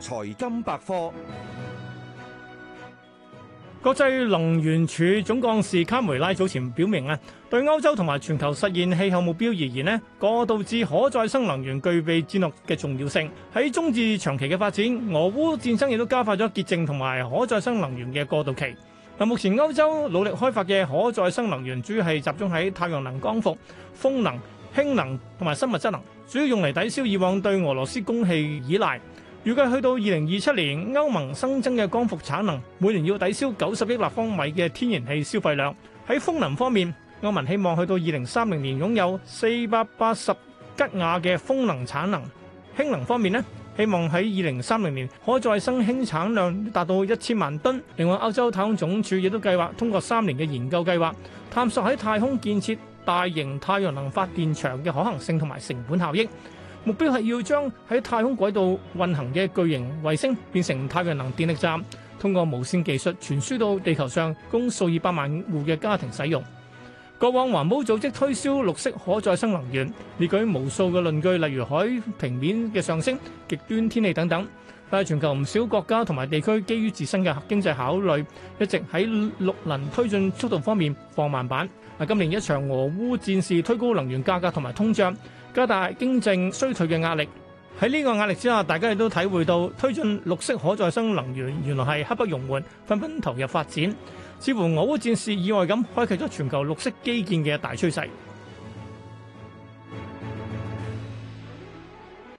財金百科，國際能源署總幹事卡梅拉早前表明啦，對歐洲同埋全球實現氣候目標而言咧，過渡至可再生能源具備戰略嘅重要性喺中至長期嘅發展。俄烏戰爭亦都加快咗潔淨同埋可再生能源嘅過渡期。嗱，目前歐洲努力開發嘅可再生能源主要係集中喺太陽能、光伏、風能、氫能同埋生物質能，主要用嚟抵消以往對俄羅斯供氣依賴。預計去到二零二七年，歐盟新增嘅光伏產能每年要抵消九十億立方米嘅天然氣消費量。喺風能方面，歐盟希望去到二零三零年擁有四百八十吉瓦嘅風能產能。氫能方面咧，希望喺二零三零年可再生氫產量達到一千萬噸。另外，歐洲太空總署亦都計劃通過三年嘅研究計劃，探索喺太空建設大型太陽能發電場嘅可行性同埋成本效益。目標係要將喺太空軌道運行嘅巨型衛星變成太陽能電力站，通過無線技術傳輸到地球上，供數以百萬戶嘅家庭使用。過往環保組織推銷綠色可再生能源，列舉無數嘅論據，例如海平面嘅上升、極端天氣等等。但係全球唔少國家同埋地區，基於自身嘅經濟考慮，一直喺綠能推進速度方面放慢版。嗱，今年一場俄烏戰事推高能源價格同埋通脹，加大經濟衰退嘅壓力。喺呢個壓力之下，大家亦都體會到推進綠色可再生能源原來係刻不容緩，紛紛投入發展，似乎俄烏戰事意外咁開啟咗全球綠色基建嘅大趨勢。